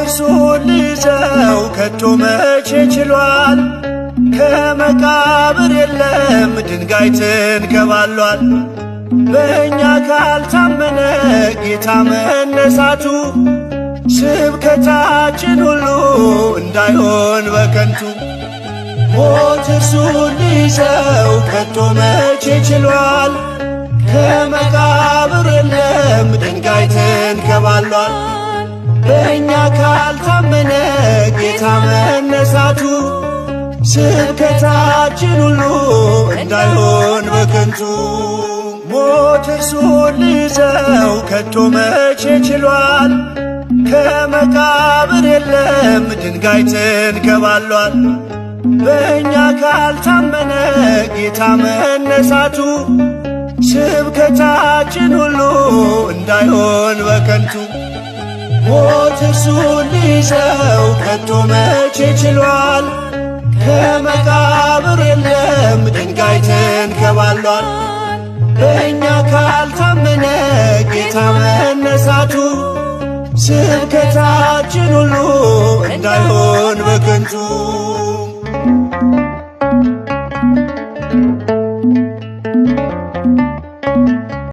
እርሱን ልይዘው ከቶ መቼ ችሏል? ከመቃብር የለም ድንጋይ ትንከባሏል። በእኛ ካልታመነ ጌታ መነሳቱ ስብከታችን ሁሉ እንዳይሆን በከንቱ። ሞት እርሱን ልይዘው ከቶ መቼ ችሏል? ከመቃብር የለም ድንጋይ ትንከባሏል። በእኛ ካልታመነ ጌታ መነሳቱ ስብከታችን ሁሉ እንዳይሆን በከንቱ ሞት እርሱን ልይዘው ከቶ መቼ ችሏል? ከመቃብር የለም ድንጋይ ትንከባሏል። በእኛ ካልታመነ ጌታ መነሳቱ ስብከታችን ሁሉ እንዳይሆን በከንቱ ሞት እርሱን ሊይዘው ከቶ መቼ ችሏል? ከመቃብር የለም ድንጋይ ተንከባሏል። በእኛ ካልታመነ ጌታ መነሳቱ ስብከታችን ሁሉ እንዳይሆን በከንቱ